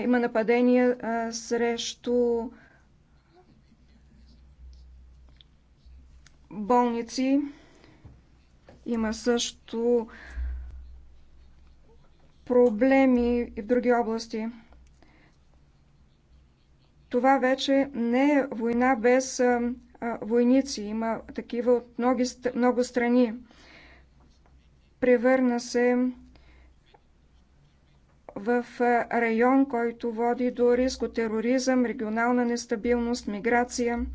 Има нападения а, срещу болници. Има също проблеми и в други области. Това вече не е война без а, а, войници. Има такива от много, много страни. Превърна се в район, който води до риск от тероризъм, регионална нестабилност, миграция.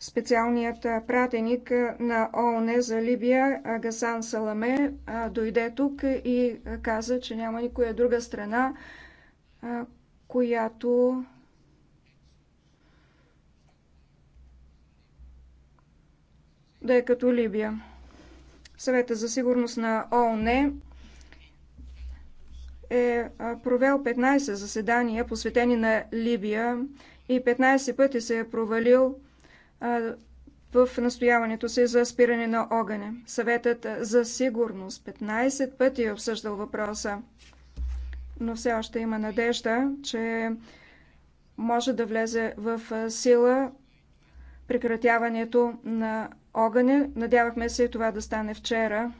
Специалният пратеник на ООН за Либия Гасан Саламе дойде тук и каза, че няма никоя друга страна, която да е като Либия. Съвета за сигурност на ООН е провел 15 заседания, посветени на Либия и 15 пъти се е провалил в настояването си за спиране на огъня. Съветът за сигурност 15 пъти е обсъждал въпроса, но все още има надежда, че може да влезе в сила прекратяването на огъня. Надявахме се това да стане вчера.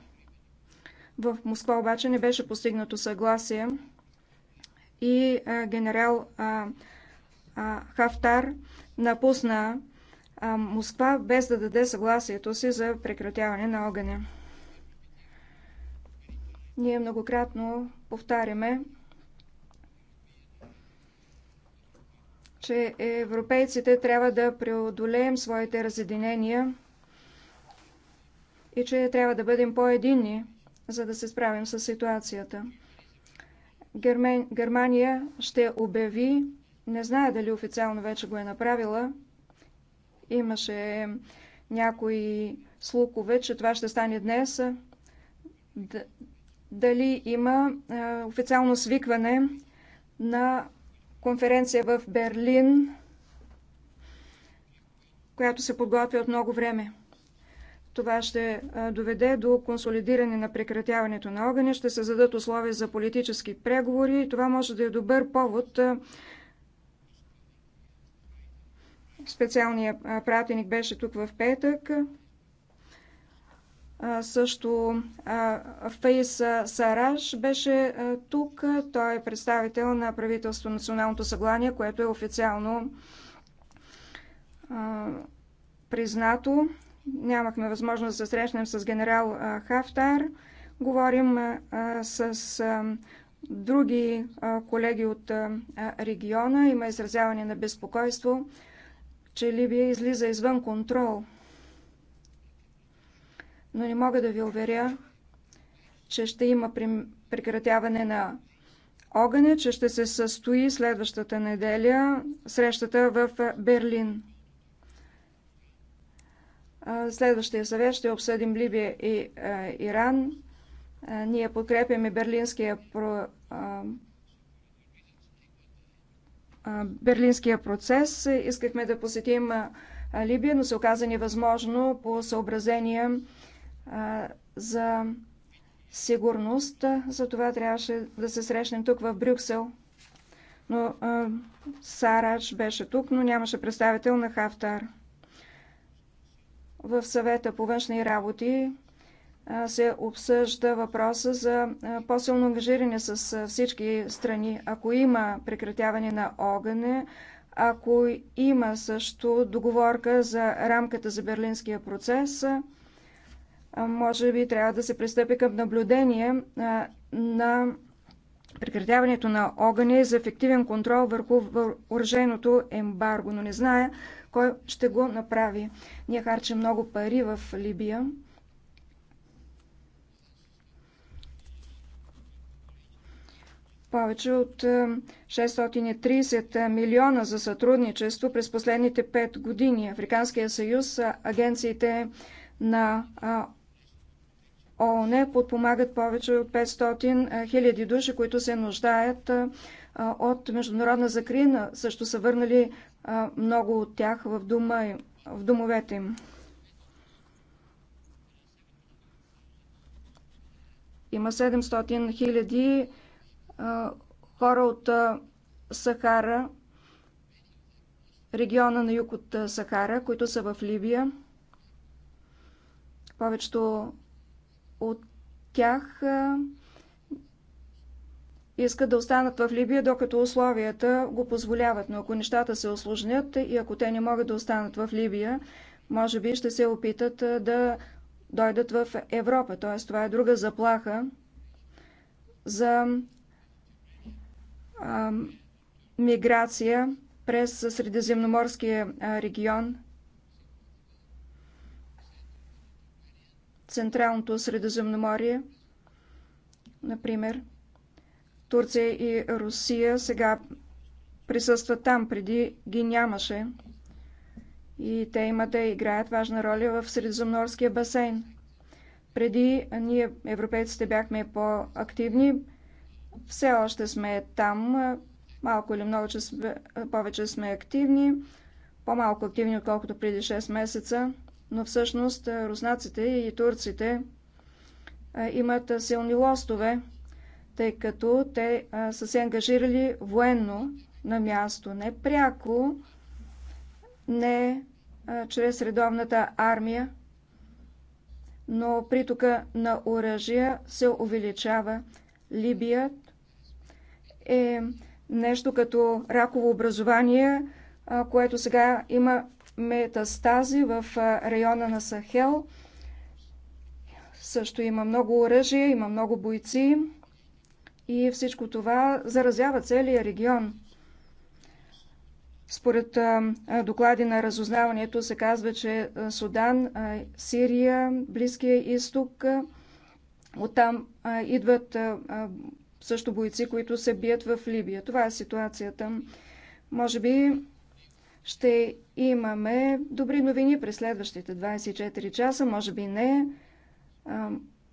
В Москва обаче не беше постигнато съгласие и а, генерал а, а, Хафтар напусна а, Москва без да даде съгласието си за прекратяване на огъня. Ние многократно повтаряме, че европейците трябва да преодолеем своите разединения и че трябва да бъдем по-единни, за да се справим с ситуацията. Гермен... Германия ще обяви, не знае дали официално вече го е направила, имаше някои слухове, че това ще стане днес. Дали има е, официално свикване на конференция в Берлин, която се подготвя от много време. Това ще доведе до консолидиране на прекратяването на огъня, ще се зададат условия за политически преговори и това може да е добър повод. Специалният пратеник беше тук в петък. Също Фейс Сараш беше тук. Той е представител на правителство Националното съглание, което е официално признато Нямахме възможност да се срещнем с генерал Хафтар. Говорим с други колеги от региона. Има изразяване на безпокойство, че Либия излиза извън контрол. Но не мога да ви уверя, че ще има прекратяване на огъня, че ще се състои следващата неделя срещата в Берлин. Следващия съвет ще обсъдим Либия и Иран. Ние подкрепяме Берлинския, про... Берлинския процес. Искахме да посетим Либия, но се оказа невъзможно по съобразения за сигурност. Затова трябваше да се срещнем тук в Брюксел. Но Сарач беше тук, но нямаше представител на Хафтар в съвета по външни работи се обсъжда въпроса за по-силно ангажиране с всички страни. Ако има прекратяване на огъня, ако има също договорка за рамката за берлинския процес, може би трябва да се пристъпи към наблюдение на прекратяването на огъня и за ефективен контрол върху въоръженото ембарго. Но не зная кой ще го направи? Ние харчим много пари в Либия. Повече от 630 е, милиона за сътрудничество през последните 5 години. Африканския съюз, е, агенциите на е, ООН подпомагат повече от 500 хиляди души, които се нуждаят от международна закрина. Също са върнали много от тях в, дома, в домовете им. Има 700 хиляди хора от Сахара, региона на юг от Сахара, които са в Либия. Повечето от тях искат да останат в Либия, докато условията го позволяват. Но ако нещата се осложнят и ако те не могат да останат в Либия, може би ще се опитат да дойдат в Европа. Т.е. това е друга заплаха за а, миграция през Средиземноморския регион, Централното Средиземноморие, например. Турция и Русия сега присъстват там, преди ги нямаше. И те имат да е, играят важна роля в Средиземноморския басейн. Преди ние, европейците, бяхме по-активни. Все още сме там. Малко или много че сме, повече сме активни. По-малко активни, отколкото преди 6 месеца. Но всъщност руснаците и турците е, имат е, силни лостове тъй като те а, са се ангажирали военно на място, не пряко, не а, чрез редовната армия, но притока на оръжия се увеличава. Либия е нещо като раково образование, а, което сега има метастази в района на Сахел. Също има много оръжие, има много бойци и всичко това заразява целия регион. Според доклади на разузнаването се казва, че Судан, Сирия, Близкия изток, оттам идват също бойци, които се бият в Либия. Това е ситуацията. Може би ще имаме добри новини през следващите 24 часа, може би не.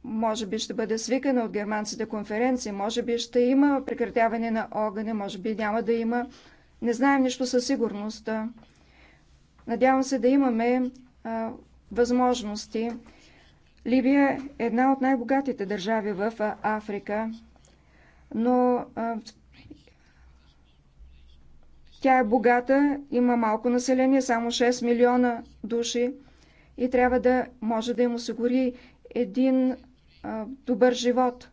Може би ще бъде свикана от германците конференция, може би ще има прекратяване на огъня, може би няма да има. Не знаем нищо със сигурност. Надявам се да имаме а, възможности. Либия е една от най-богатите държави в Африка, но а, тя е богата, има малко население, само 6 милиона души и трябва да може да им осигури един добър живот.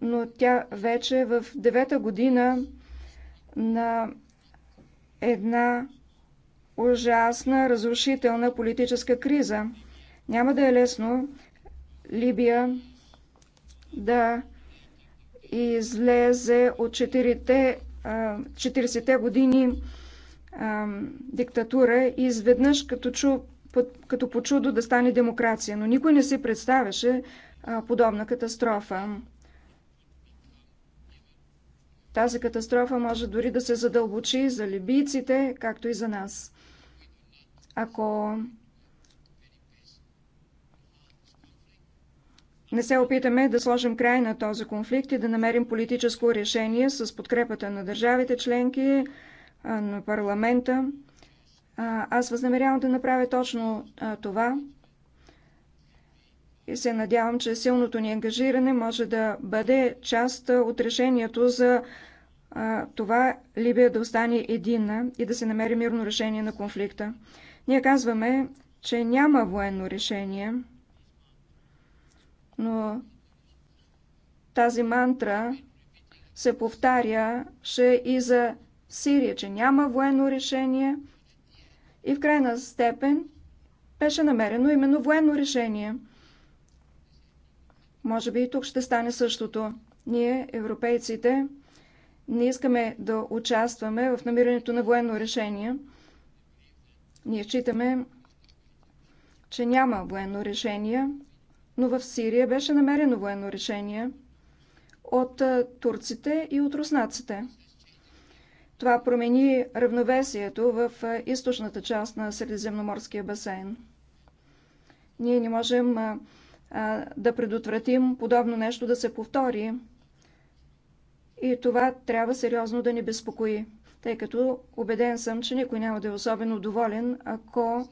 Но тя вече в девета година на една ужасна, разрушителна политическа криза. Няма да е лесно Либия да излезе от 40-те години диктатура и изведнъж като, чу, като по чудо да стане демокрация. Но никой не си представяше, подобна катастрофа. Тази катастрофа може дори да се задълбочи за либийците, както и за нас. Ако не се опитаме да сложим край на този конфликт и да намерим политическо решение с подкрепата на държавите членки, на парламента, аз възнамерявам да направя точно това и се надявам, че силното ни ангажиране може да бъде част от решението за а, това Либия да остане единна и да се намери мирно решение на конфликта. Ние казваме, че няма военно решение, но тази мантра се повтаряше и за Сирия, че няма военно решение и в крайна степен беше намерено именно военно решение – може би и тук ще стане същото. Ние, европейците, не искаме да участваме в намирането на военно решение. Ние считаме, че няма военно решение, но в Сирия беше намерено военно решение от турците и от руснаците. Това промени равновесието в източната част на Средиземноморския басейн. Ние не можем да предотвратим подобно нещо да се повтори. И това трябва сериозно да ни безпокои, тъй като убеден съм, че никой няма да е особено доволен, ако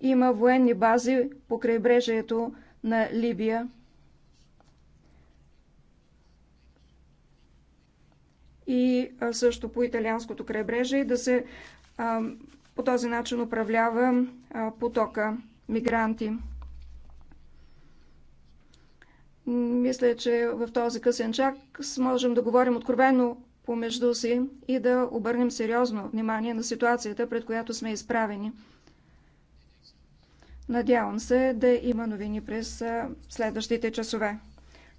има военни бази по крайбрежието на Либия. И също по италианското крайбрежие да се по този начин управлява потока мигранти. Мисля, че в този късен чак можем да говорим откровено помежду си и да обърнем сериозно внимание на ситуацията, пред която сме изправени. Надявам се да има новини през следващите часове.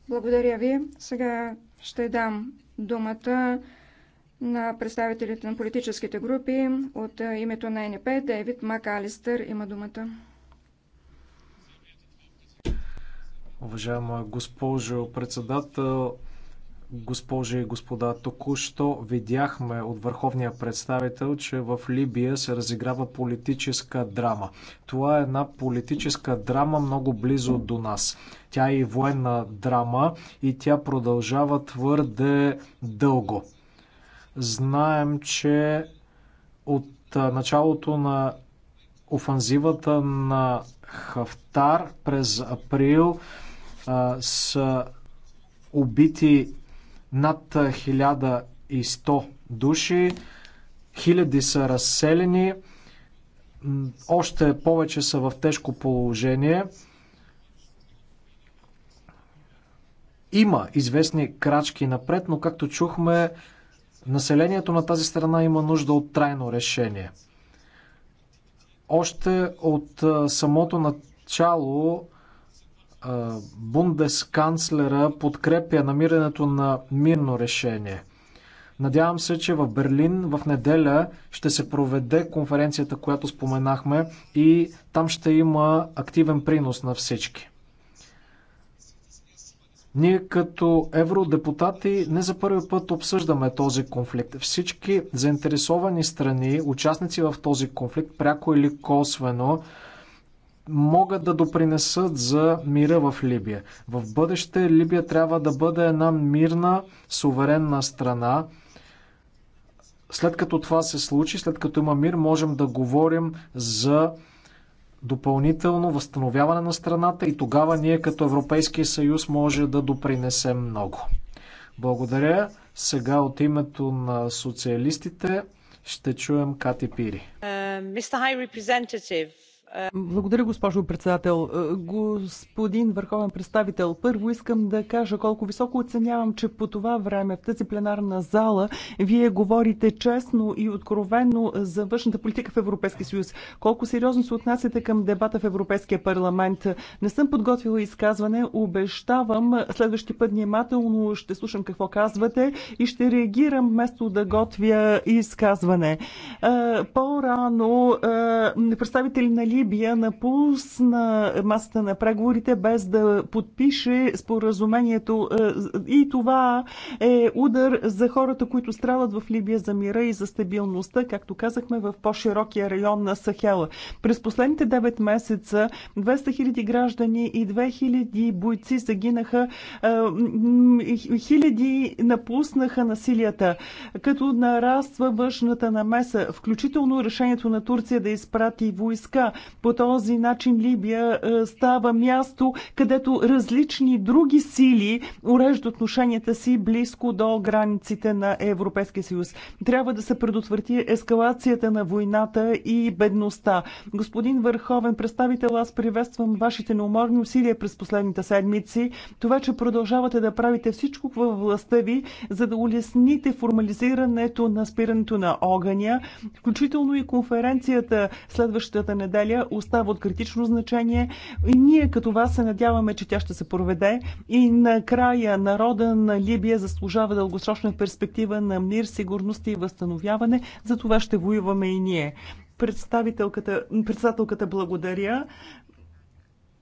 Благодаря ви. Сега ще дам думата на представителите на политическите групи от името на НП. Дейвид Макалистър има думата. Уважаема госпожо председател, госпожи и господа, току-що видяхме от върховния представител, че в Либия се разиграва политическа драма. Това е една политическа драма много близо до нас. Тя е и военна драма и тя продължава твърде дълго. Знаем, че от началото на офанзивата на Хафтар през април са убити над 1100 души, хиляди са разселени, още повече са в тежко положение. Има известни крачки напред, но както чухме, населението на тази страна има нужда от трайно решение. Още от самото начало бундесканцлера подкрепя намирането на мирно решение. Надявам се, че в Берлин в неделя ще се проведе конференцията, която споменахме и там ще има активен принос на всички. Ние като евродепутати не за първи път обсъждаме този конфликт. Всички заинтересовани страни, участници в този конфликт, пряко или косвено, могат да допринесат за мира в Либия. В бъдеще Либия трябва да бъде една мирна, суверенна страна. След като това се случи, след като има мир, можем да говорим за допълнително възстановяване на страната и тогава ние като Европейския съюз може да допринесем много. Благодаря. Сега от името на социалистите ще чуем Кати Пири. Uh, благодаря, госпожо председател. Е, господин върховен представител, първо искам да кажа колко високо оценявам, че по това време в тази пленарна зала вие говорите честно и откровенно за външната политика в Европейския съюз. Колко сериозно се отнасяте към дебата в Европейския парламент. Не съм подготвила изказване, обещавам следващия път внимателно ще слушам какво казвате и ще реагирам вместо да готвя изказване. Е, по-рано е, представители на Либия напусна масата на преговорите без да подпише споразумението е, и това е удар за хората, които страдат в Либия за мира и за стабилността, както казахме, в по-широкия район на Сахела. През последните 9 месеца 200 000 граждани и 2000 бойци загинаха, е, хиляди напуснаха насилията, като нараства външната намеса, включително решението на Турция да изпрати войска. По този начин Либия е, става място, където различни други сили уреждат отношенията си близко до границите на Европейския съюз. Трябва да се предотврати ескалацията на войната и бедността. Господин Върховен представител, аз приветствам вашите неуморни усилия през последните седмици. Това, че продължавате да правите всичко във властта ви, за да улесните формализирането на спирането на огъня, включително и конференцията следващата неделя остава от критично значение. И ние като вас се надяваме, че тя ще се проведе и накрая народа на Либия заслужава дългосрочна перспектива на мир, сигурност и възстановяване. За това ще воюваме и ние. Представителката, председателката благодаря.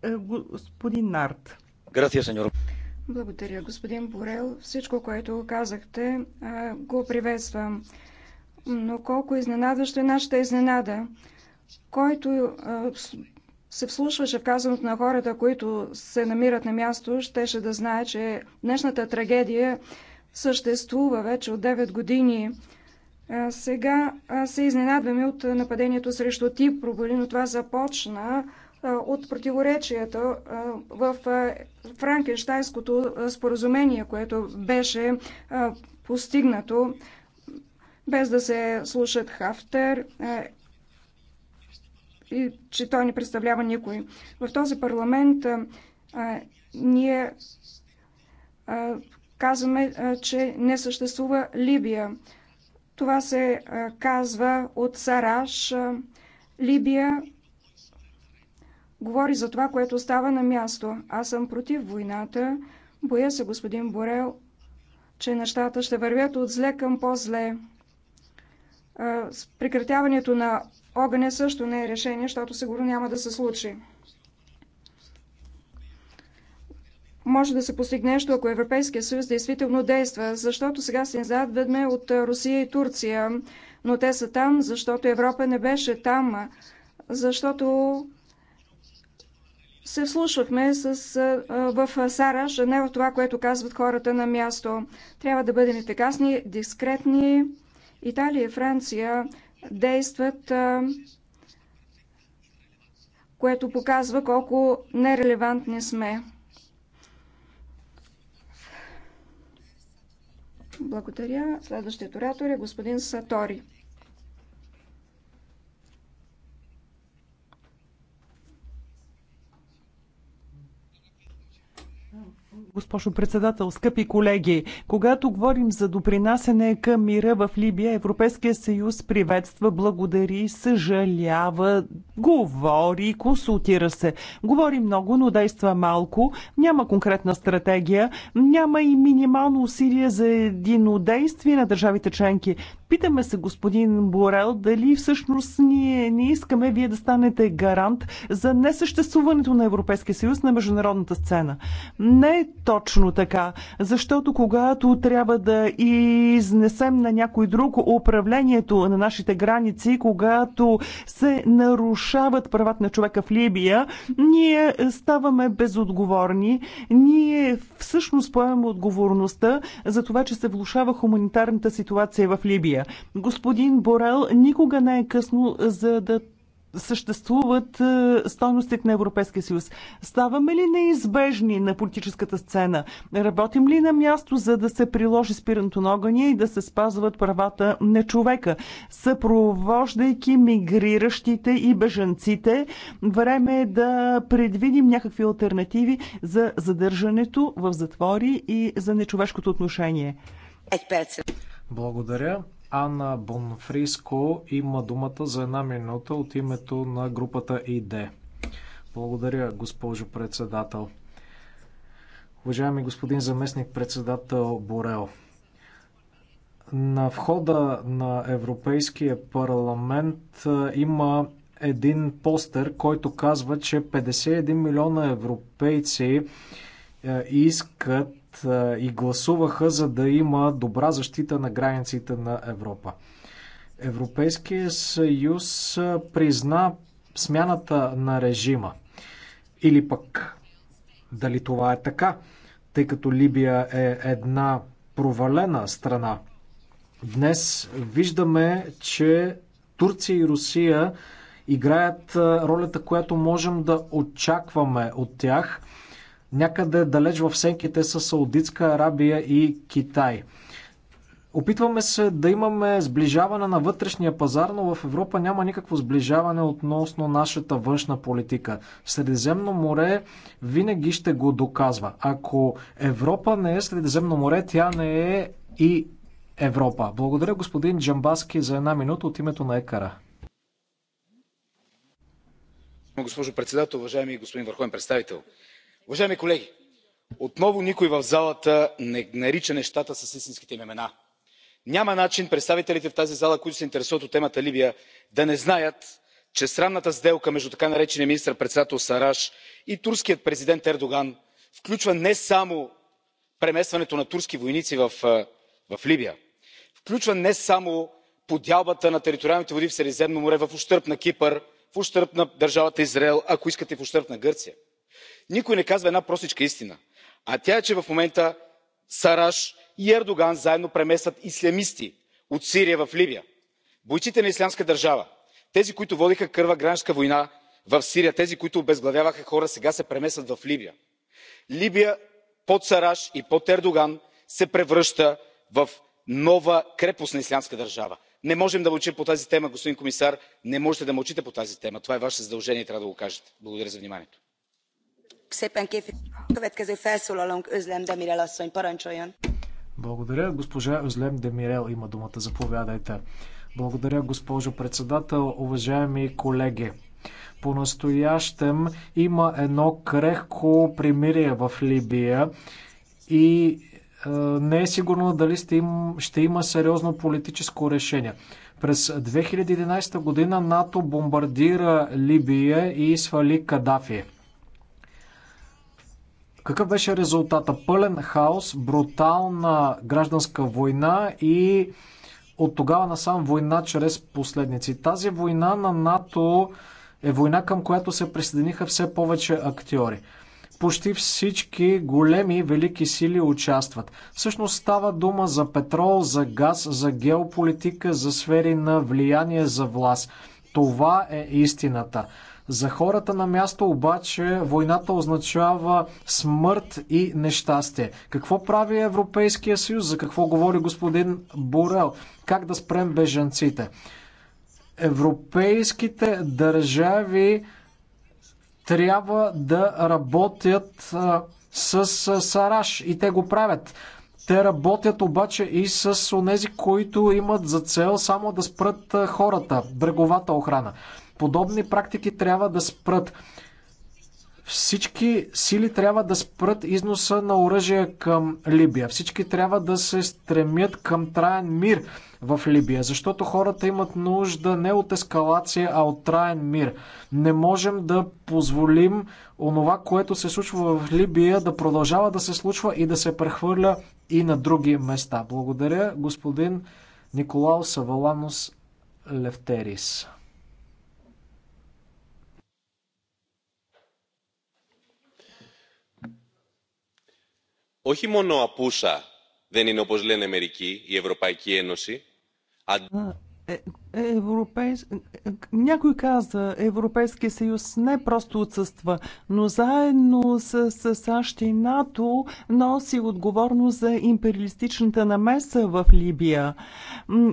Е, господин Нарт. Грация, сеньор. Благодаря, господин Борел. Всичко, което казахте, е, го приветствам. Но колко изненадващо е нашата изненада който се вслушваше в казаното на хората, които се намират на място, щеше да знае, че днешната трагедия съществува вече от 9 години. Сега се изненадваме от нападението срещу Тип Типрополи, но това започна от противоречията в Франкенштайнското споразумение, което беше постигнато без да се слушат Хафтер, и че той не представлява никой. В този парламент а, ние а, казваме, а, че не съществува Либия. Това се а, казва от Сараш. А, Либия говори за това, което става на място. Аз съм против войната. Боя се, господин Борел, че нещата ще вървят от зле към по-зле. С прекратяването на Огъня също не е решение, защото сигурно няма да се случи. може да се постигне нещо, ако Европейския съюз действително действа, защото сега се задведме от Русия и Турция, но те са там, защото Европа не беше там, защото се вслушвахме с, в Сараш, а не в това, което казват хората на място. Трябва да бъдем ефикасни, дискретни. Италия и Франция действат, което показва колко нерелевантни сме. Благодаря. Следващият оратор е господин Сатори. госпожо председател, скъпи колеги. Когато говорим за допринасене към мира в Либия, Европейския съюз приветства, благодари, съжалява, говори, консултира се. Говори много, но действа малко. Няма конкретна стратегия. Няма и минимално усилие за единодействие на държавите членки. Питаме се, господин Борел, дали всъщност ние не искаме вие да станете гарант за несъществуването на Европейския съюз на международната сцена. Не е точно така, защото когато трябва да изнесем на някой друг управлението на нашите граници, когато се нарушават правата на човека в Либия, ние ставаме безотговорни. Ние всъщност поемаме отговорността за това, че се влушава хуманитарната ситуация в Либия. Турция. Господин Борел, никога не е късно за да съществуват е, стойностите на Европейския съюз. Ставаме ли неизбежни на политическата сцена? Работим ли на място, за да се приложи спирането на огъня и да се спазват правата на човека, съпровождайки мигриращите и бежанците? Време е да предвидим някакви альтернативи за задържането в затвори и за нечовешкото отношение. Благодаря. Ана Бонфриско има думата за една минута от името на групата ИД. Благодаря, госпожо председател. Уважаеми господин заместник председател Борел, на входа на Европейския парламент има един постер, който казва, че 51 милиона европейци искат е, и гласуваха, за да има добра защита на границите на Европа. Европейския съюз е, призна смяната на режима. Или пък дали това е така, тъй като Либия е една провалена страна. Днес виждаме, че Турция и Русия играят е, ролята, която можем да очакваме от тях – някъде далеч в сенките с Саудитска Арабия и Китай. Опитваме се да имаме сближаване на вътрешния пазар, но в Европа няма никакво сближаване относно нашата външна политика. Средиземно море винаги ще го доказва. Ако Европа не е Средиземно море, тя не е и Европа. Благодаря господин Джамбаски за една минута от името на Екара. Госпожо председател, уважаеми господин върховен представител, уважаеми колеги отново никой в залата не нарича нещата с истинските им имена. няма начин представителите в тази зала които се интересуват от темата либия да не знаят че срамната сделка между така наречения министър председател сарраж и турския президент ердоган включва не само преместването на турски войници в либия включва не само подялбата на териториалните води в средиземно море в ущърб на кипър в ущърб на държавата израел ако искате и в ущърб на гърция никой не казва една простичка истина а тя е че в момента сараш и ердоган заедно преместват ислямисти от сирия в либия бойците на ислямска държава тези които водиха кървава гражданска война в сирия тези които обезглавяваха хора сега се преместват в либия. либия под сараш и под ердоган се превръща в нова крепост на ислямска държава. не можем да мълчим по тази тема господин комисар. не можете да мълчите по тази тема. това е ваше задължение и трябва да го кажете. благодаря за вниманието. Благодаря. Госпожа Özlem Демирел има думата. Заповядайте. Благодаря, госпожо председател. Уважаеми колеги, по-настоящем има едно крехко примирие в Либия и е, не е сигурно дали ще има, ще има сериозно политическо решение. През 2011 година НАТО бомбардира Либия и свали Кадафи. Какъв беше резултата? Пълен хаос, брутална гражданска война и от тогава насам война чрез последници. Тази война на НАТО е война, към която се присъединиха все повече актьори. Почти всички големи велики сили участват. Всъщност става дума за петрол, за газ, за геополитика, за сфери на влияние, за власт. Това е истината. За хората на място обаче войната означава смърт и нещастие. Какво прави Европейския съюз? За какво говори господин Борел? Как да спрем бежанците? Европейските държави трябва да работят с Сараш и те го правят. Те работят обаче и с онези, които имат за цел само да спрат хората, бреговата охрана. Подобни практики трябва да спрат. Всички сили трябва да спрат износа на оръжие към Либия. Всички трябва да се стремят към траен мир в Либия, защото хората имат нужда не от ескалация, а от траен мир. Не можем да позволим онова, което се случва в Либия, да продължава да се случва и да се прехвърля и на други места. Благодаря, господин Николао Саваланус Левтерис. όχι μόνο απούσα δεν είναι όπως λένε μερικοί η ευρωπαϊκή ένωση Европейс... Някой каза, Европейския съюз не просто отсъства, но заедно с, с САЩ и НАТО носи отговорност за империалистичната намеса в Либия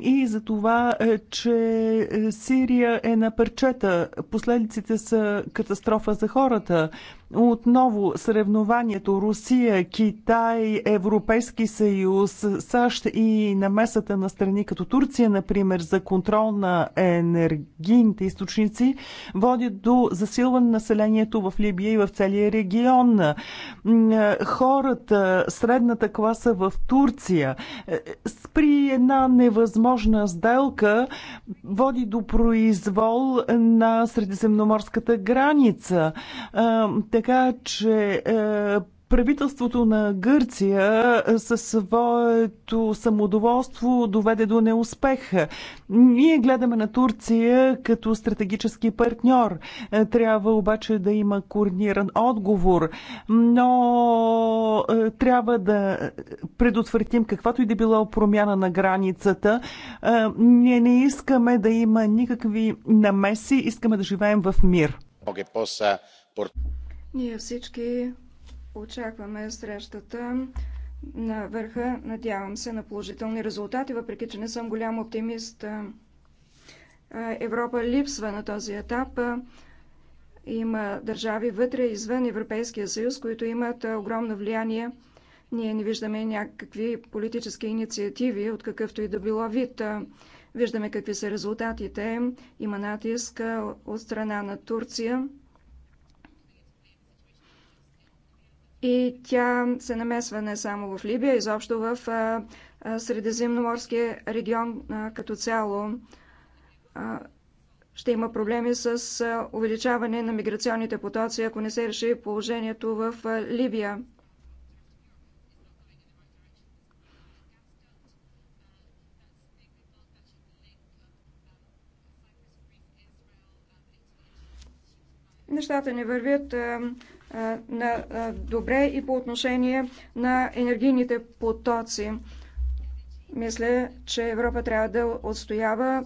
и за това, е, че е, Сирия е на парчета. Последиците са катастрофа за хората. Отново съревнованието Русия, Китай, Европейски съюз, САЩ и намесата на страни като Турция, например, за контрол на енергийните източници водят до засилване на населението в Либия и в целия регион. Хората, средната класа в Турция, е, при една невъзможна сделка води до произвол на средиземноморската граница. Така че е, Правителството на Гърция е, със своето самодоволство доведе до неуспеха. Ние гледаме на Турция като стратегически партньор. Е, трябва обаче да има координиран отговор, но е, трябва да предотвратим каквато и да било промяна на границата. Ние не искаме да има никакви намеси, искаме да живеем в мир. Ние всички Очакваме срещата на върха. Надявам се на положителни резултати, въпреки че не съм голям оптимист. Европа липсва на този етап. Има държави вътре, извън Европейския съюз, които имат огромно влияние. Ние не виждаме някакви политически инициативи от какъвто и да било вид. Виждаме какви са резултатите. Има натиск от страна на Турция и тя се намесва не само в Либия, изобщо в Средиземноморския регион като цяло. Ще има проблеми с увеличаване на миграционните потоци, ако не се реши положението в Либия. Нещата не вървят на добре и по отношение на енергийните потоци. Мисля, че Европа трябва да отстоява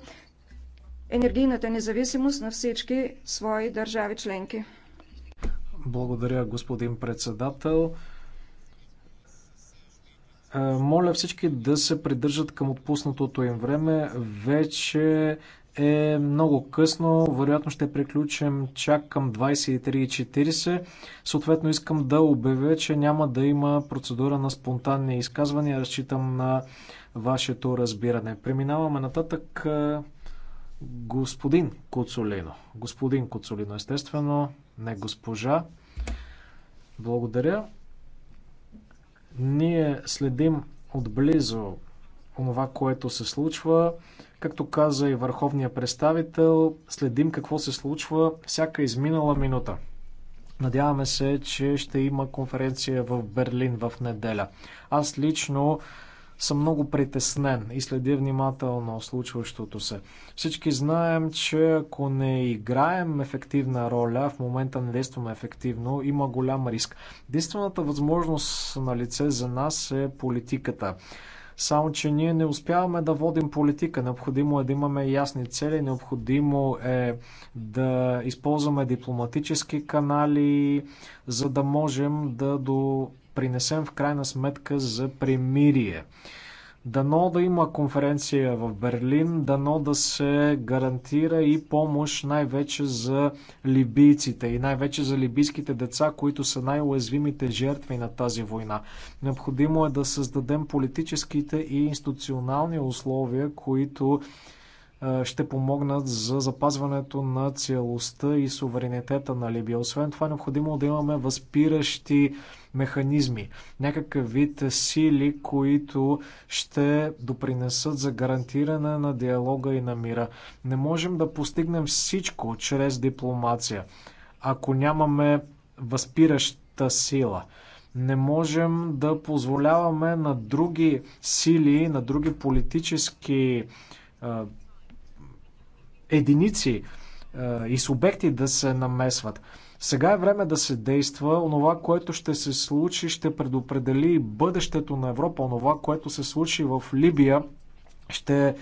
енергийната независимост на всички свои държави членки. Благодаря, господин председател. Моля всички да се придържат към отпуснатото им време. Вече е много късно. Вероятно ще приключим чак към 23.40. Съответно искам да обявя, че няма да има процедура на спонтанни изказвания. Разчитам на вашето разбиране. Преминаваме нататък е, господин Куцулино. Господин Куцулино, естествено, не госпожа. Благодаря. Ние следим отблизо онова, което се случва. Както каза и върховния представител, следим какво се случва всяка изминала минута. Надяваме се, че ще има конференция в Берлин в неделя. Аз лично съм много притеснен и следя внимателно случващото се. Всички знаем, че ако не играем ефективна роля, в момента не действаме ефективно, има голям риск. Единствената възможност на лице за нас е политиката. Само, че ние не успяваме да водим политика. Необходимо е да имаме ясни цели, необходимо е да използваме дипломатически канали, за да можем да допринесем в крайна сметка за примирие Дано да има конференция в Берлин, дано да се гарантира и помощ най-вече за либийците и най-вече за либийските деца, които са най-уязвимите жертви на тази война. Необходимо е да създадем политическите и институционални условия, които ще помогнат за запазването на цялостта и суверенитета на Либия. Освен това, е необходимо да имаме възпиращи механизми, някакъв вид сили, които ще допринесат за гарантиране на диалога и на мира. Не можем да постигнем всичко чрез дипломация, ако нямаме възпираща сила не можем да позволяваме на други сили, на други политически е, единици е, и субекти да се намесват. Сега е време да се действа. Онова, което ще се случи, ще предопредели бъдещето на Европа. Онова, което се случи в Либия, ще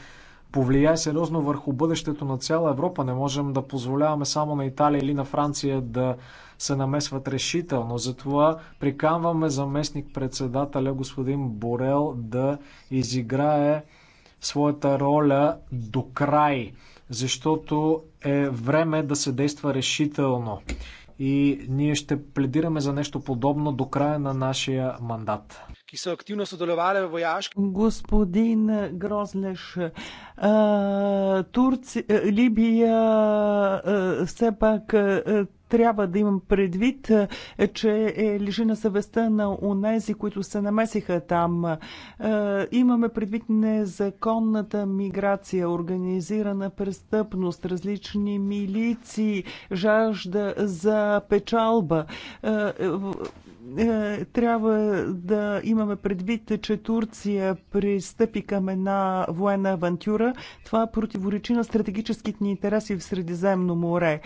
повлияе сериозно върху бъдещето на цяла Европа. Не можем да позволяваме само на Италия или на Франция да се намесват решително. Затова приканваме заместник председателя господин Борел да изиграе своята роля до край, защото е време да се действа решително и ние ще пледираме за нещо подобно до края на нашия мандат. Господин Грознеш, Турция, Либия все пак трябва да имам предвид, е, че е лежи на съвестта на унези, които се намесиха там. Е, имаме предвид незаконната миграция, организирана престъпност, различни милиции, жажда за печалба. Е, е, трябва да имаме предвид, че Турция пристъпи към една военна авантюра. Това противоречи на стратегическите ни интереси в Средиземно море.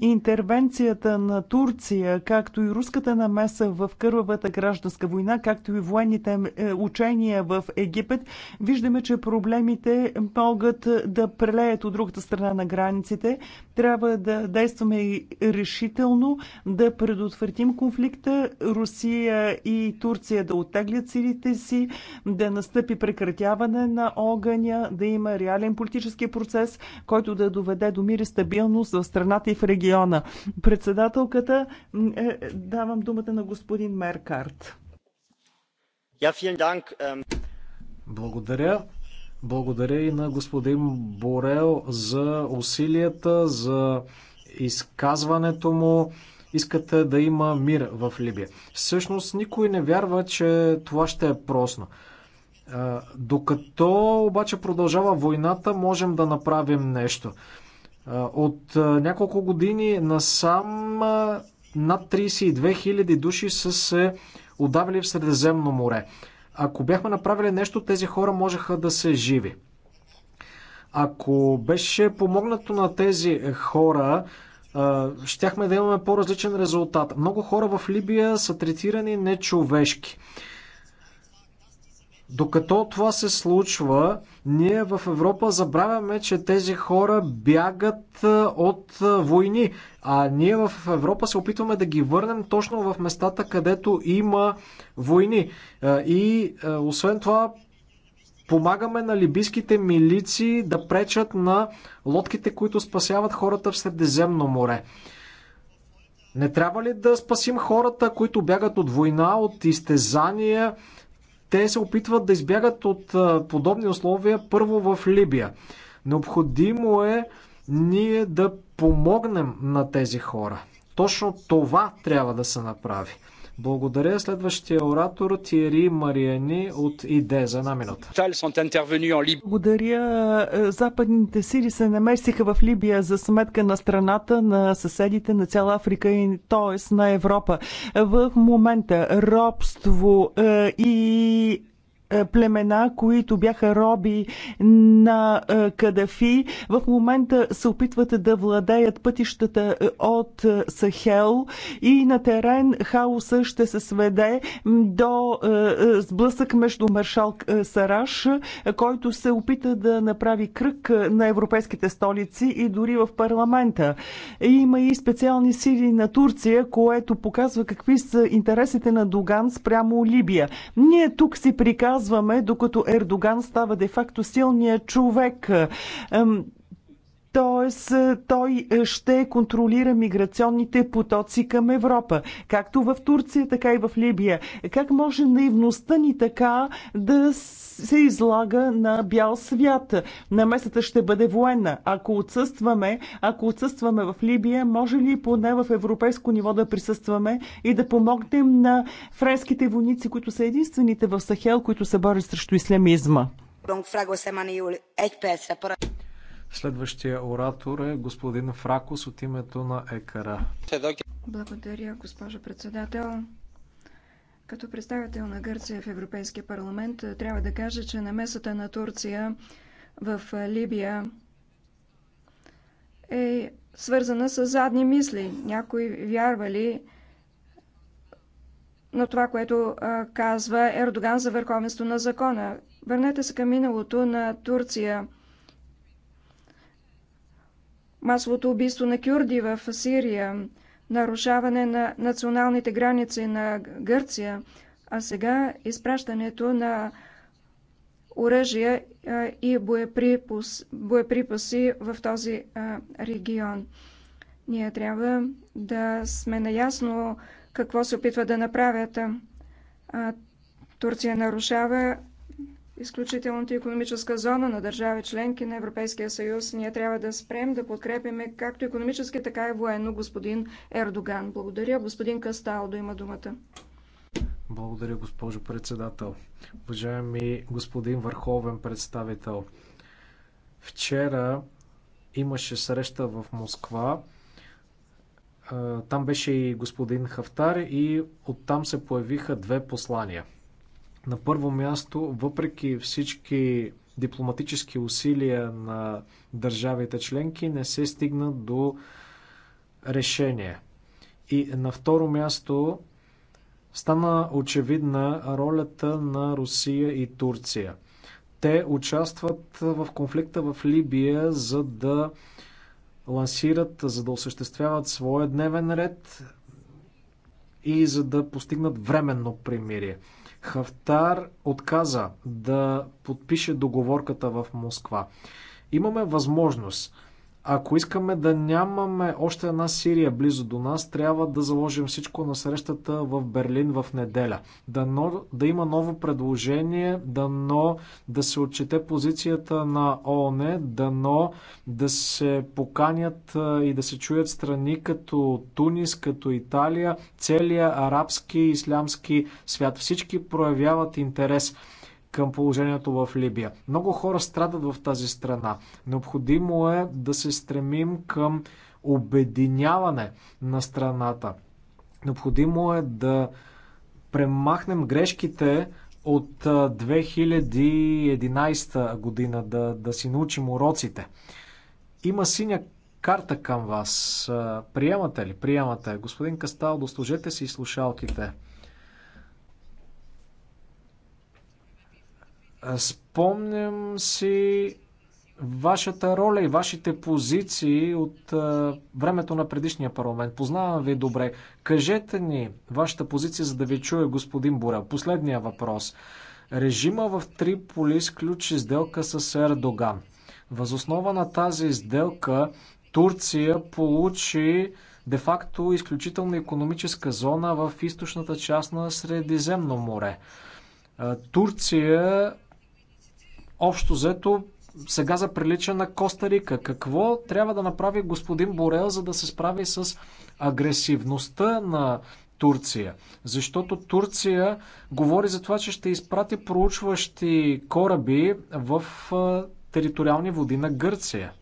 Интервенцията на Турция, както и руската намеса в кървавата гражданска война, както и военните е, учения в Египет, виждаме, че проблемите могат да прелеят от другата страна на границите. Трябва да действаме решително, да предотвратим конфликта. Русия и Турция да оттеглят силите си, да настъпи прекратяване на огъня, да има реален политически процес, който да доведе до мир и стабилност в страната и в региона. Председателката, е, е, давам думата на господин Меркарт. Ähm, Благодаря. Благодаря и на господин Борел за усилията, за изказването му. Искат е, да има мир в Либия. Всъщност никой не вярва, че това ще е просно. Докато обаче продължава войната, можем да направим нещо. От няколко години насам над 32 000 души са се удавили в Средиземно море. Ако бяхме направили нещо, тези хора можеха да се живи. Ако беше помогнато на тези хора, щяхме да имаме по-различен резултат. Много хора в Либия са третирани нечовешки. Докато това се случва, ние в Европа забравяме, че тези хора бягат от войни. А ние в Европа се опитваме да ги върнем точно в местата, където има войни. И освен това, помагаме на либийските милиции да пречат на лодките, които спасяват хората в Средиземно море. Не трябва ли да спасим хората, които бягат от война, от изтезания? Те се опитват да избягат от подобни условия първо в Либия. Необходимо е ние да помогнем на тези хора. Точно това трябва да се направи. Благодаря. Следващия оратор Тиери Мариани от ИД за една минута. Благодаря. Е, западните сили се намесиха в Либия за сметка на страната, на съседите, на цяла Африка и т.е. на Европа. Е, в момента робство е, и е, племена, които бяха роби на е, Кадафи, в момента се опитват да владеят пътищата е, от Сахел и на терен хаоса ще се сведе до сблъсък между маршал Сараш, който се опита да направи кръг на европейските столици и дори в парламента. Има и специални сили на Турция, което показва какви са интересите на Доган спрямо Либия. Ние тук си приказваме казваме, докато Ердоган става де-факто силният човек. Т.е. той е, ще контролира миграционните потоци към Европа, както в Турция, така и в Либия. Как може наивността ни така да се излага на бял свят? Намесата ще бъде военна. Ако отсъстваме, ако отсъстваме в Либия, може ли поне в европейско ниво да присъстваме и да помогнем на френските войници, които са единствените в Сахел, които се борят срещу ислямизма? Следващия оратор е господин Фракос от името на ЕКАРА. Благодаря, госпожо председател. Като представител на Гърция в Европейския парламент е, трябва да кажа, че намесата на Турция в е, Либия е свързана с задни мисли. Някои вярвали на това, което е, казва Ердоган за върховенство на закона. Върнете се към миналото на Турция – масовото убийство на кюрди в Сирия, нарушаване на националните граници на Гърция, а сега изпращането на оръжия и боеприпас, боеприпаси в този регион. Ние трябва да сме наясно какво се опитва да направят. Турция нарушава изключителната економическа зона на държави членки на Европейския съюз. Ние трябва да спрем да подкрепяме както економически, така и военно господин Ердоган. Благодаря. Господин Касталдо има думата. Благодаря, госпожо председател. Уважаеми господин върховен представител, вчера имаше среща в Москва. Там беше и господин Хафтар и оттам се появиха две послания – на първо място, въпреки всички дипломатически усилия на държавите членки, не се стигна до решение. И на второ място, стана очевидна ролята на Русия и Турция. Те участват в конфликта в Либия, за да лансират, за да осъществяват своя дневен ред и за да постигнат временно примирие. Хафтар отказа да подпише договорката в Москва. Имаме възможност ако искаме да нямаме още една Сирия близо до нас, трябва да заложим всичко на срещата в Берлин в неделя. Дано да има ново предложение, дано да се отчете позицията на ООН, дано да се поканят и да се чуят страни като Тунис, като Италия, целият арабски и ислямски свят. Всички проявяват интерес към положението в Либия. Много хора страдат в тази страна. Необходимо е да се стремим към обединяване на страната. Необходимо е да премахнем грешките от 2011 година, да, да си научим уроците. Има синя карта към вас. Приемате ли? Приемате. Господин Кастал, дослужете си слушалките. Спомням си вашата роля и вашите позиции от а, времето на предишния парламент. Познавам ви добре. Кажете ни вашата позиция, за да ви чуе господин Бурел. Последния въпрос. Режима в Триполи сключи сделка с Ердоган. Възоснова на тази сделка Турция получи де-факто изключителна економическа зона в източната част на Средиземно море. Турция Общо взето, сега за прилича на Коста Рика. Какво трябва да направи господин Борел, за да се справи с агресивността на Турция. Защото Турция говори за това, че ще изпрати проучващи кораби в териториални води на Гърция.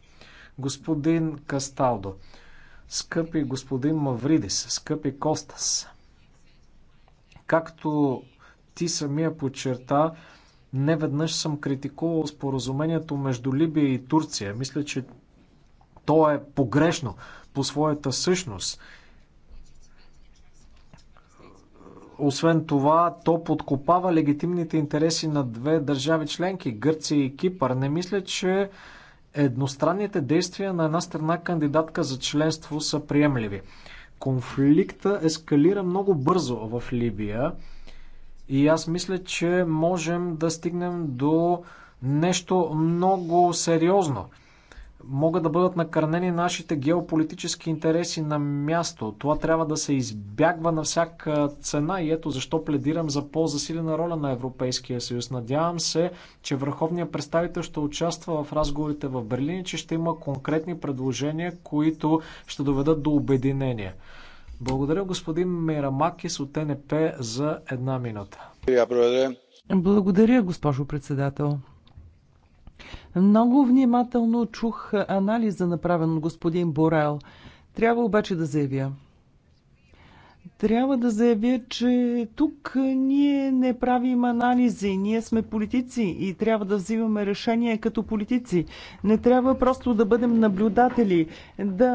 Господин Касталдо, скъпи господин Мавридис, скъпи Костас, както ти самия подчерта, Неведнъж съм критикувал споразумението между Либия и Турция. Мисля, че то е погрешно по своята същност. Освен това, то подкопава легитимните интереси на две държави членки Гърция и Кипър. Не мисля, че едностранните действия на една страна кандидатка за членство са приемливи. Конфликта ескалира много бързо в Либия. И аз мисля, че можем да стигнем до нещо много сериозно. Могат да бъдат накърнени нашите геополитически интереси на място. Това трябва да се избягва на всяка цена и ето защо пледирам за по-засилена роля на Европейския съюз. Надявам се, че върховният представител ще участва в разговорите в Берлин и че ще има конкретни предложения, които ще доведат до обединение. Благодаря господин Мерамакис от НП за една минута. Благодаря, госпожо председател. Много внимателно чух анализа, направен от господин Борел. Трябва обаче да заявя, трябва да заявя, че тук ние не правим анализи, ние сме политици и трябва да взимаме решения като политици. Не трябва просто да бъдем наблюдатели, да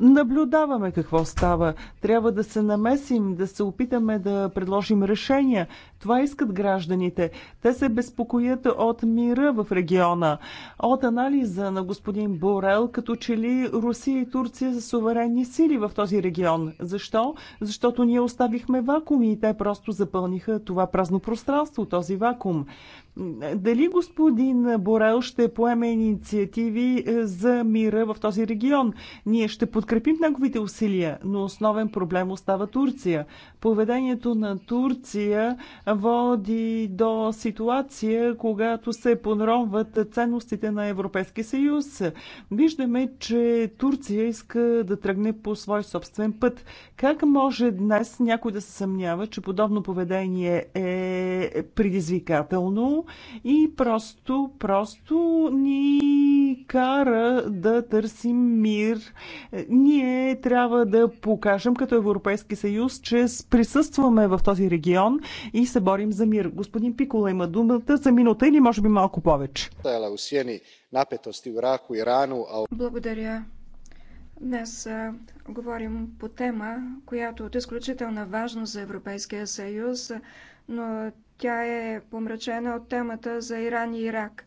наблюдаваме какво става. Трябва да се намесим, да се опитаме да предложим решения. Това искат гражданите. Те се безпокоят от мира в региона. От анализа на господин Борел, като че ли Русия и Турция са суверенни сили в този регион. Защо? Защото защото ние оставихме вакуум и те просто запълниха това празно пространство, този вакуум. Дали господин Борел ще поеме инициативи е, за мира в този регион? Ние ще подкрепим неговите усилия, но основен проблем остава Турция. Поведението на Турция води до ситуация, когато се подронват ценностите на Европейския съюз. Виждаме, че Турция иска да тръгне по свой собствен път. Как може днес някой да се съмнява, че подобно поведение е предизвикателно? и просто, просто ни кара да търсим мир. Ние трябва да покажем като Европейски съюз, че присъстваме в този регион и се борим за мир. Господин Пикола има думата за минута или може би малко повече. Благодаря. Днес а, говорим по тема, която е от изключителна важност за Европейския съюз, но тя е помрачена от темата за Иран и Ирак.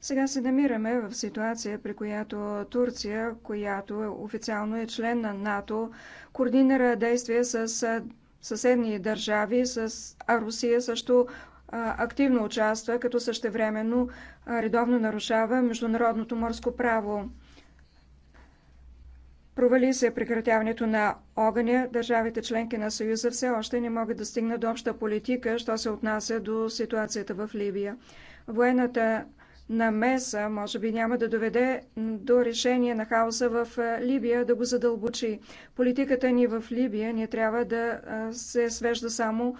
Сега се намираме в ситуация, при която Турция, която официално е член на НАТО, координира действия с съседни държави, с, а Русия също а, активно участва, като същевременно а, редовно нарушава международното морско право. Провали се прекратяването на огъня. Държавите членки на Съюза все още не могат да стигнат до обща политика, що се отнася до ситуацията в Либия. Военната намеса може би няма да доведе до решение на хаоса в Либия да го задълбочи. Политиката ни в Либия не трябва да се свежда само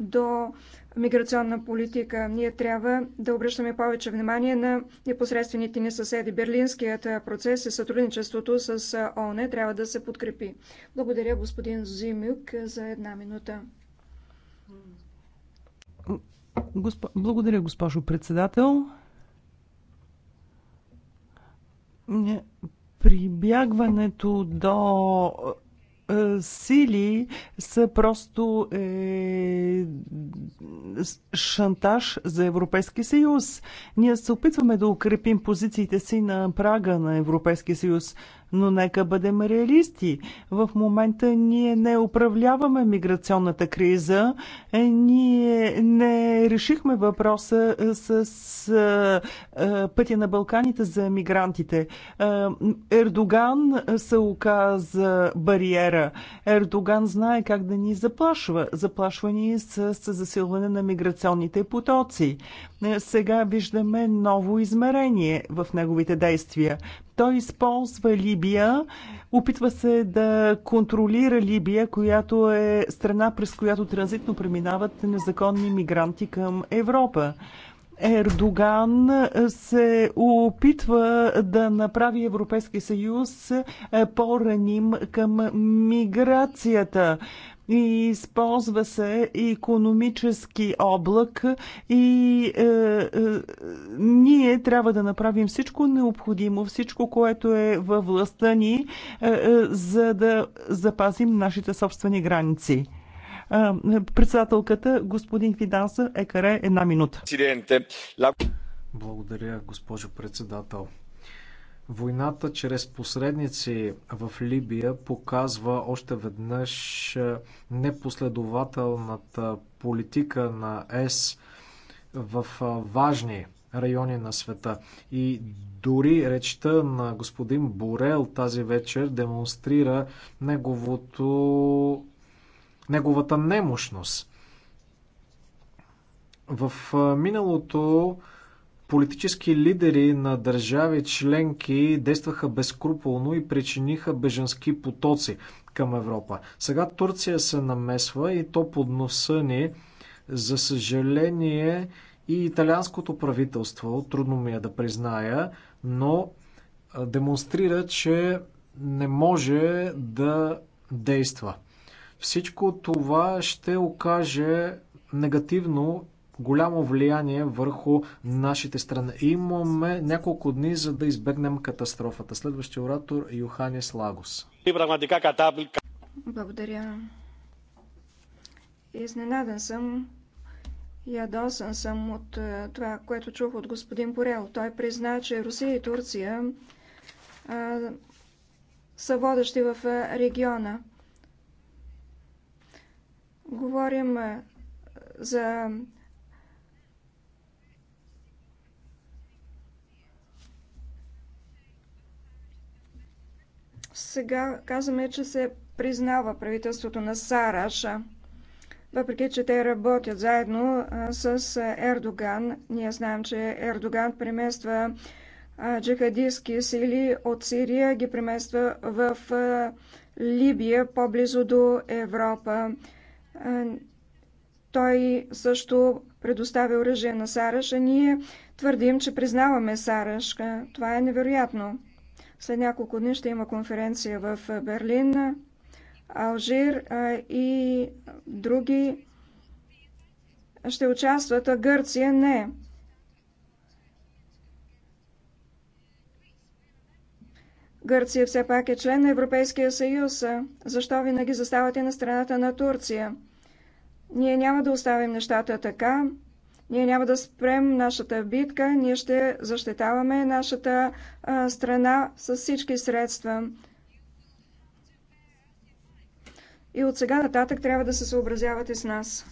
до миграционна политика. Ние трябва да обръщаме повече внимание на непосредствените ни съседи. Берлинският процес и сътрудничеството с ООН трябва да се подкрепи. Благодаря господин Зимюк за една минута. Госпо... Благодаря, госпожо председател. Прибягването до е, сили са просто е, шантаж за Европейски съюз. Ние се опитваме да укрепим позициите си на прага на Европейския съюз, но нека бъдем реалисти. В момента ние не управляваме миграционната криза, е, ние не решихме въпроса е, с е, пътя на Балканите за мигрантите. Ердоган се оказа бариера. Ердоган знае как да ни заплашва. Заплашва ни с засилване на миграционните потоци. Сега виждаме ново измерение в неговите действия. Той използва Либия, опитва се да контролира Либия, която е страна, през която транзитно преминават незаконни мигранти към Европа. Ердоган се опитва да направи Европейски съюз по-раним към миграцията и използва се економически облак и е, е, ние трябва да направим всичко необходимо, всичко, което е във властта ни, е, е, за да запазим нашите собствени граници. Е, председателката, господин Фиданса, екаре една минута. Благодаря, госпожо председател. Войната чрез посредници в Либия показва още веднъж е, непоследователната политика на ЕС в е, важни райони на света. И дори речта на господин Борел тази вечер демонстрира неговото, неговата немощност. В е, миналото политически лидери на държави членки действаха безкруполно и причиниха беженски потоци към Европа. Сега Турция се намесва и то под носа ни, за съжаление, и италианското правителство, трудно ми е да призная, но демонстрира, че не може да действа. Всичко това ще окаже негативно голямо влияние върху нашите страни. Имаме няколко дни, за да избегнем катастрофата. Следващия оратор е Йоханес Лагос. Благодаря. Изненадан съм. Ядосан съм от е, това, което чух от господин Порел. Той призна, че Русия и Турция а, са водещи в е, региона. Говорим за Сега казваме, че се признава правителството на Сараша. Въпреки, че те работят заедно с Ердоган, ние знаем, че Ердоган премества джихадистски сили от Сирия, ги премества в Либия, по-близо до Европа. Той също предоставя оръжие на Сараш, а ние твърдим, че признаваме Сараш. Това е невероятно. След няколко дни ще има конференция в Берлин, Алжир и други ще участват, а Гърция не. Гърция все пак е член на Европейския съюз. Защо винаги заставате на страната на Турция? Ние няма да оставим нещата така. Ние няма да спрем нашата битка, ние ще защитаваме нашата а, страна с всички средства. И от сега нататък трябва да се съобразявате с нас.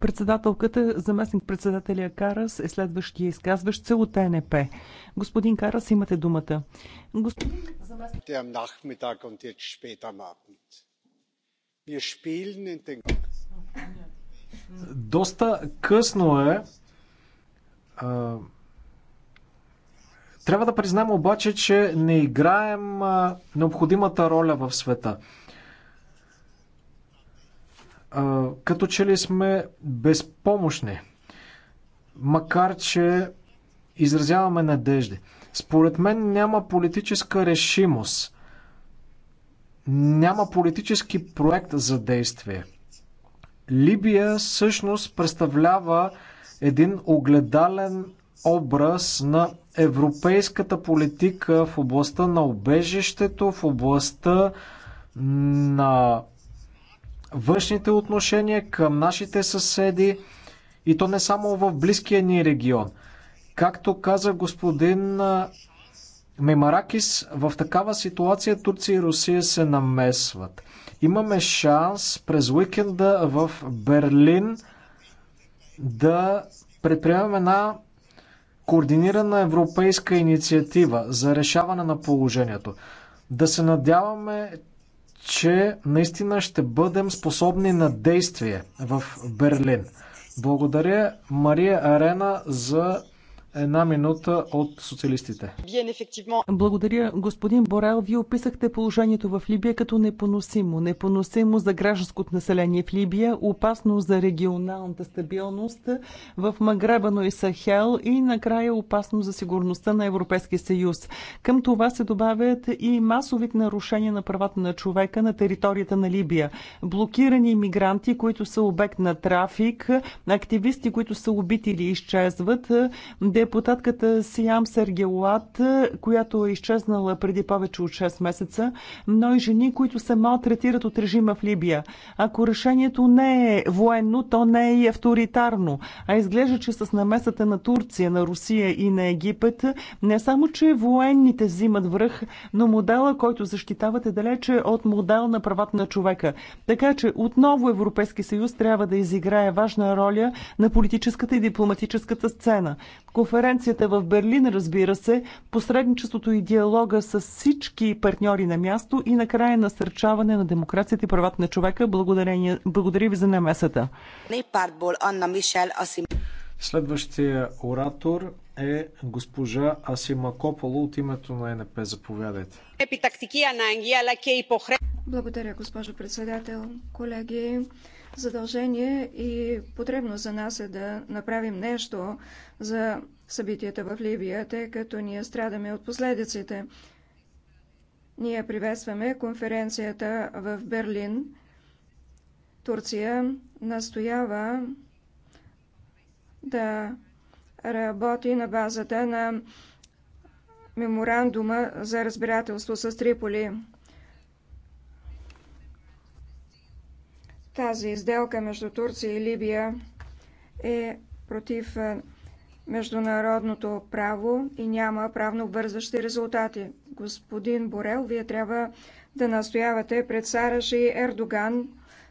Председателката, заместник председателя Карас е следващия изказващ се от НП. Господин Карас, имате думата. Господин... Доста късно е. Трябва да признаем обаче, че не играем необходимата роля в света. Като че ли сме безпомощни, макар че изразяваме надежди. Според мен няма политическа решимост няма политически проект за действие. Либия всъщност представлява един огледален образ на европейската политика в областта на обежището, в областта на външните отношения към нашите съседи и то не само в близкия ни регион. Както каза господин Мемаракис, в такава ситуация Турция и Русия се намесват. Имаме шанс през уикенда в Берлин да предприемем една координирана европейска инициатива за решаване на положението. Да се надяваме, че наистина ще бъдем способни на действие в Берлин. Благодаря Мария Арена за Една минута от социалистите. Благодаря, господин Борел. Вие описахте положението в Либия като непоносимо. Непоносимо за гражданското население в Либия, опасно за регионалната стабилност в Магребано и Сахел и накрая опасно за сигурността на Европейския съюз. Към това се добавят и масови нарушения на правата на човека на територията на Либия. Блокирани мигранти, които са обект на трафик, активисти, които са убити или изчезват, депутатката Сиям Сергелат, която е изчезнала преди повече от 6 месеца, но и жени, които се малтретират от режима в Либия. Ако решението не е военно, то не е и авторитарно, а изглежда, че с намесата на Турция, на Русия и на Египет, не само, че военните взимат връх, но модела, който защитават е далече от модел на правата на човека. Така че отново Европейски съюз трябва да изиграе важна роля на политическата и дипломатическата сцена конференцията в Берлин, разбира се, посредничеството и диалога с всички партньори на място и накрая насърчаване на демокрацията и правата на човека. Благодаря, благодаря ви за намесата. Следващия оратор е госпожа Асима Кополо от името на НП. Заповядайте. Благодаря, госпожо председател. Колеги, задължение и потребно за нас е да направим нещо за събитията в Ливия, тъй като ние страдаме от последиците. Ние приветстваме конференцията в Берлин. Турция настоява да работи на базата на меморандума за разбирателство с Триполи. Тази изделка между Турция и Либия е против международното право и няма правно обвързващи резултати. Господин Борел, вие трябва да настоявате пред Сараш и Ердоган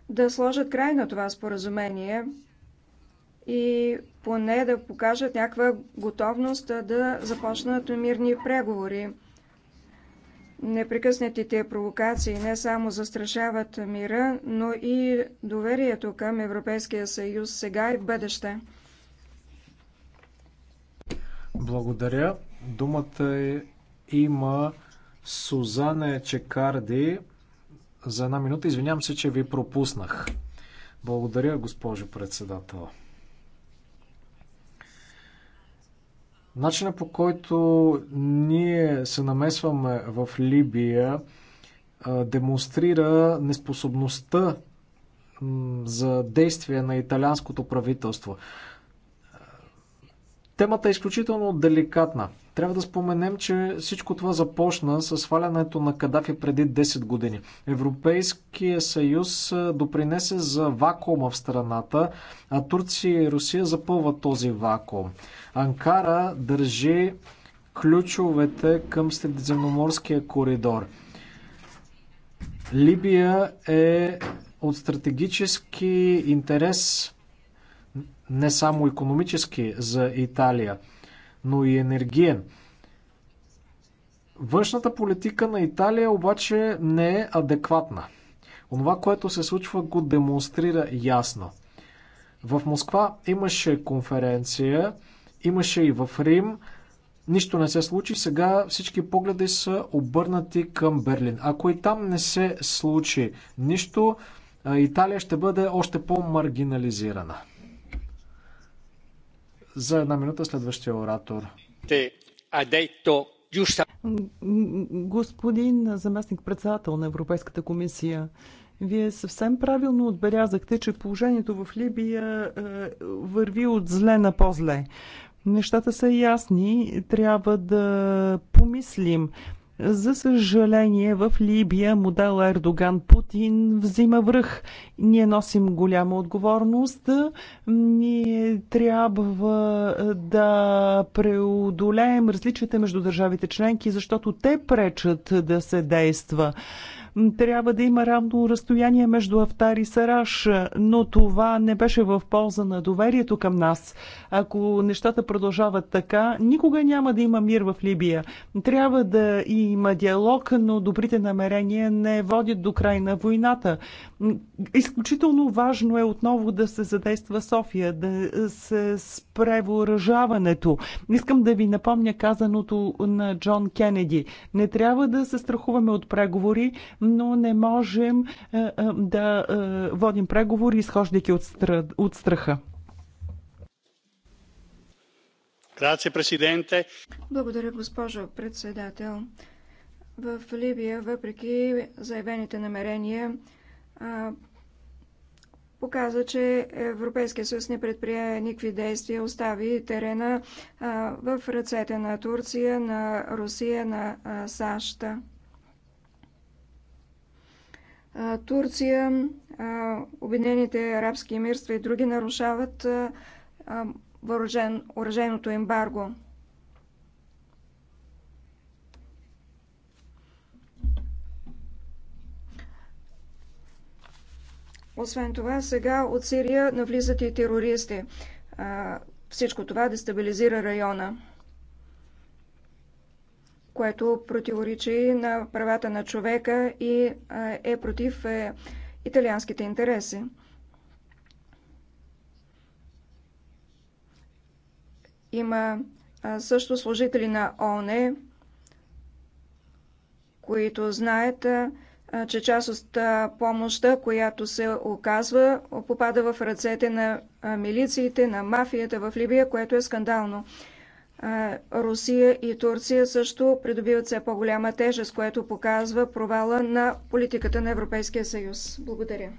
да сложат край на това споразумение и поне да покажат някаква готовност да започнат мирни преговори. Непрекъснатите провокации не само застрашават мира, но и доверието към Европейския съюз сега и в бъдеще. Благодаря. Думата е- има Сузане Чекарди за една минута. Извинявам се, че ви пропуснах. Благодаря, госпожо председател. Начинът по който ние се намесваме в Либия демонстрира неспособността за действие на италианското правителство. Темата е изключително деликатна. Трябва да споменем, че всичко това започна с свалянето на Кадафи преди 10 години. Европейския съюз допринесе за вакуума в страната, а Турция и Русия запълват този вакуум. Анкара държи ключовете към Средиземноморския коридор. Либия е от стратегически интерес не само економически за Италия, но и енергиен. Външната политика на Италия обаче не е адекватна. Онова, което се случва, го демонстрира ясно. В Москва имаше конференция, имаше и в Рим. Нищо не се случи. Сега всички погледи са обърнати към Берлин. Ако и там не се случи нищо, Италия ще бъде още по-маргинализирана. За една минута следващия оратор. Господин заместник-председател на Европейската комисия, вие съвсем правилно отбелязахте, че положението в Либия е, върви от зле на по-зле. Нещата са ясни, трябва да помислим. За съжаление, в Либия модел Ердоган Путин взима връх. Ние носим голяма отговорност. Ние трябва да преодолеем различията между държавите членки, защото те пречат да се действа. Трябва да има равно разстояние между Автар и Сараш, но това не беше в полза на доверието към нас. Ако нещата продължават така, никога няма да има мир в Либия. Трябва да има диалог, но добрите намерения не водят до край на войната. Изключително важно е отново да се задейства София, да се спре въоръжаването. Искам да ви напомня казаното на Джон Кенеди. Не трябва да се страхуваме от преговори, но не можем е, е, да е, водим преговори, изхождайки от, стра... от страха. Благодаря, госпожо председател. В Либия, въпреки заявените намерения, показа, че Европейския съюз не предприе никакви действия, остави терена в ръцете на Турция, на Русия, на САЩ. Турция, Обединените арабски емирства и други нарушават въоръженото ембарго. Освен това, сега от Сирия навлизат и терористи. Всичко това дестабилизира района което противоречи на правата на човека и е против е, италианските интереси. Има също служители на ООН, които знаят, че част от помощта, която се оказва, попада в ръцете на милициите, на мафията в Либия, което е скандално. Русия и Турция също придобиват все по-голяма тежест, което показва провала на политиката на Европейския съюз. Благодаря.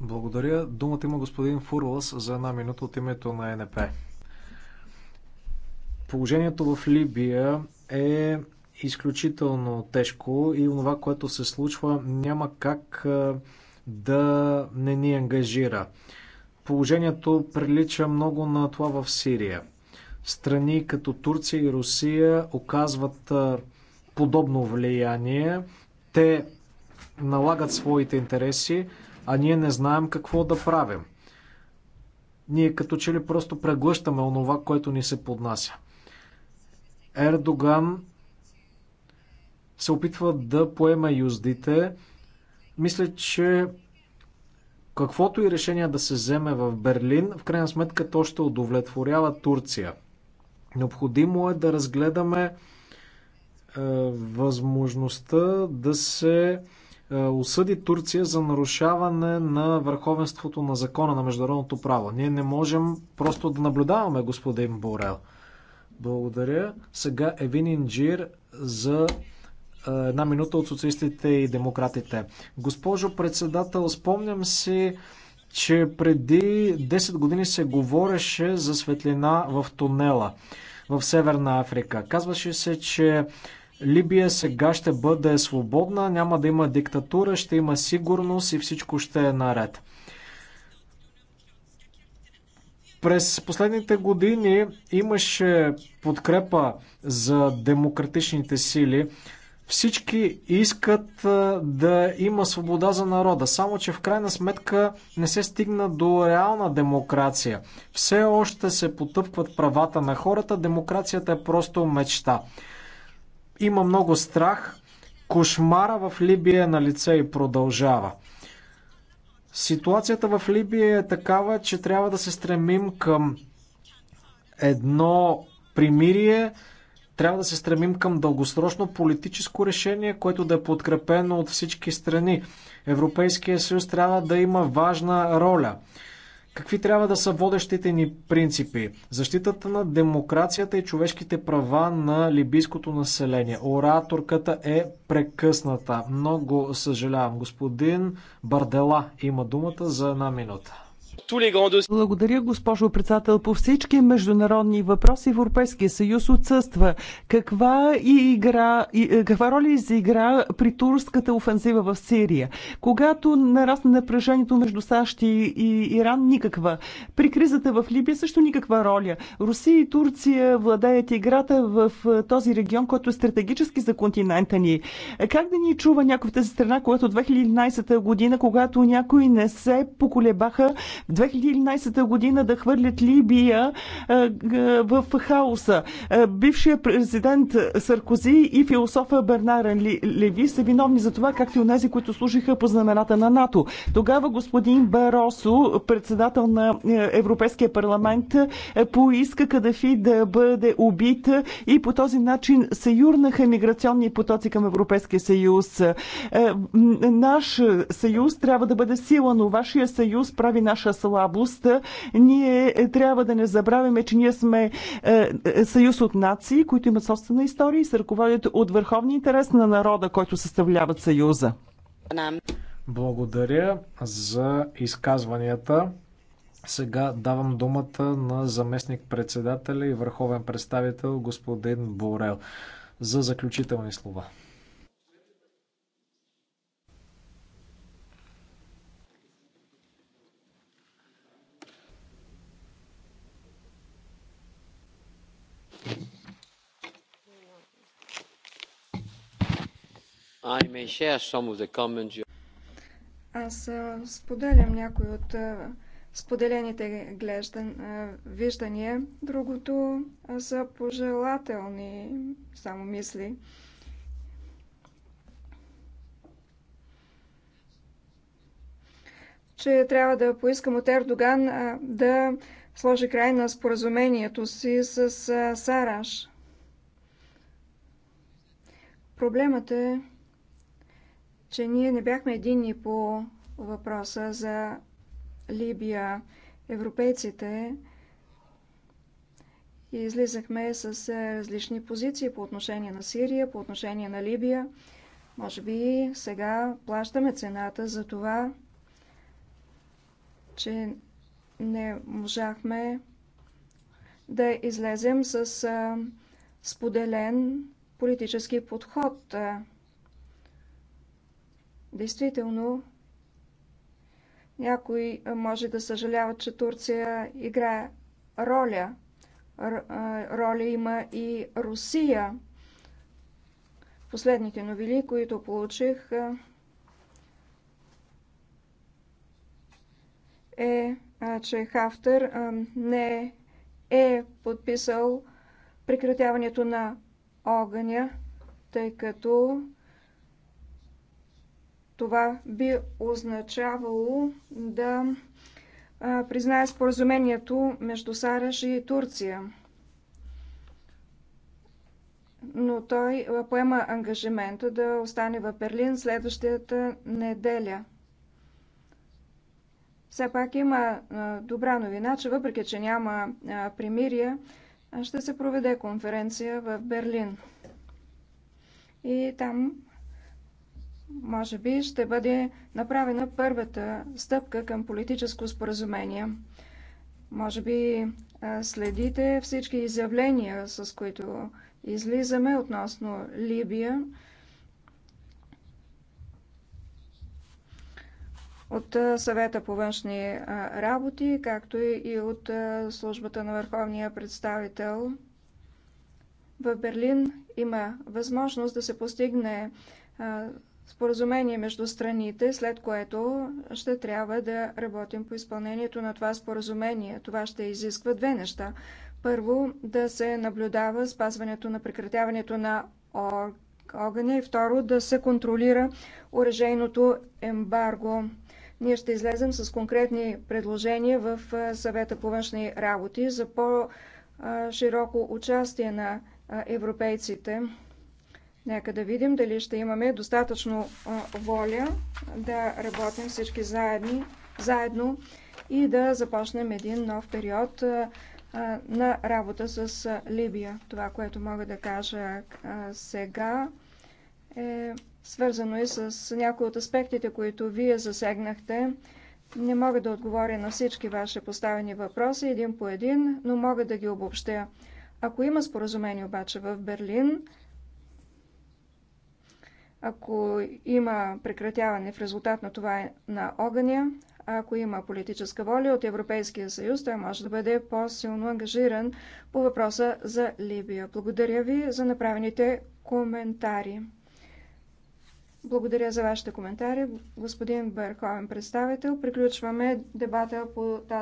Благодаря. Думата има господин Фурлас за една минута от името на НП. Положението в Либия е изключително тежко и това, което се случва, няма как да не ни ангажира. Положението прилича много на това в Сирия – страни като Турция и Русия оказват подобно влияние. Те налагат своите интереси, а ние не знаем какво да правим. Ние като че ли просто преглъщаме онова, което ни се поднася. Ердоган се опитва да поема юздите. Мисля, че каквото и решение да се вземе в Берлин, в крайна сметка то ще удовлетворява Турция – Необходимо е да разгледаме е, възможността да се е, осъди Турция за нарушаване на върховенството на закона на международното право. Ние не можем просто да наблюдаваме господин Борел. Благодаря. Сега Евин Инджир за е, една минута от социалистите и демократите. Госпожо председател, спомням си че преди 10 години се говореше за светлина в тунела в Северна Африка. Казваше се, че Либия сега ще бъде свободна, няма да има диктатура, ще има сигурност и всичко ще е наред. През последните години имаше подкрепа за демократичните сили. Всички искат да има свобода за народа, само че в крайна сметка не се стигна до реална демокрация. Все още се потъпкват правата на хората, демокрацията е просто мечта. Има много страх, кошмара в Либия е на лице и продължава. Ситуацията в Либия е такава, че трябва да се стремим към едно примирие, трябва да се стремим към дългосрочно политическо решение, което да е подкрепено от всички страни. Европейския съюз трябва да има важна роля. Какви трябва да са водещите ни принципи? Защитата на демокрацията и човешките права на либийското население. Ораторката е прекъсната. Много съжалявам. Господин Бардела има думата за една минута. Благодаря, госпожо председател. По всички международни въпроси Европейския съюз отсъства. Каква, игра, и е, каква роля изигра при турската офензива в Сирия? Когато нарасна напрежението между САЩ и Иран, никаква. При кризата в Либия също никаква роля. Русия и Турция владеят играта в е, този регион, който е стратегически за континента ни. Е, как да ни чува някой в тази страна, която 2011 година, когато някои не се поколебаха в 2011 година да хвърлят Либия в хаоса. Бившия президент Саркози и философа Бернара Леви са виновни за това, както и онези, които служиха по знамената на НАТО. Тогава господин Баросо, председател на е, Европейския парламент, е, поиска Кадафи да бъде убит и по този начин се юрнаха миграционни потоци към Европейския съюз. Е, наш съюз трябва да бъде сила, но вашия съюз прави наша слабост. Ние е, трябва да не забравяме, че ние сме е, е, съюз от нации, които имат собствена история и се ръководят от върховния интерес на народа, който съставляват съюза. Благодаря за изказванията. Сега давам думата на заместник председателя и върховен представител господин Борел за заключителни слова. Аз споделям някои от споделените виждания. Другото са пожелателни само мисли. че трябва да поискам от Ердоган да сложи край на споразумението си с Сараш. Проблемът е, че ние не бяхме единни по въпроса за Либия. Европейците излизахме с е, различни позиции по отношение на Сирия, по отношение на Либия. Може би сега плащаме цената за това, че не можахме да излезем с е, споделен политически подход Действително, някой може да съжалява, че Турция играе роля. Роля има и Русия. Последните новини, които получих, е, че Хафтер не е подписал прекратяването на огъня, тъй като това би означавало да признае споразумението между Сараш и Турция. Но той поема ангажимента да остане в Берлин следващата неделя. Все пак има добра новина, че въпреки, че няма примирие, ще се проведе конференция в Берлин. И там може би ще бъде направена първата стъпка към политическо споразумение. Може би следите всички изявления, с които излизаме относно Либия. От съвета по външни работи, както и от службата на върховния представител в Берлин има възможност да се постигне споразумение между страните, след което ще трябва да работим по изпълнението на това споразумение. Това ще изисква две неща. Първо, да се наблюдава спазването на прекратяването на огъня и второ, да се контролира уръжейното ембарго. Ние ще излезем с конкретни предложения в съвета по външни работи за по-широко участие на европейците Нека да видим дали ще имаме достатъчно воля да работим всички заедни, заедно и да започнем един нов период на работа с Либия. Това, което мога да кажа сега е свързано и с някои от аспектите, които вие засегнахте. Не мога да отговоря на всички ваши поставени въпроси един по един, но мога да ги обобщя. Ако има споразумение обаче в Берлин, ако има прекратяване в резултат на това е на огъня, ако има политическа воля от Европейския съюз, той може да бъде по-силно ангажиран по въпроса за Либия. Благодаря ви за направените коментари. Благодаря за вашите коментари, господин Бърховен представител. Приключваме дебата по тази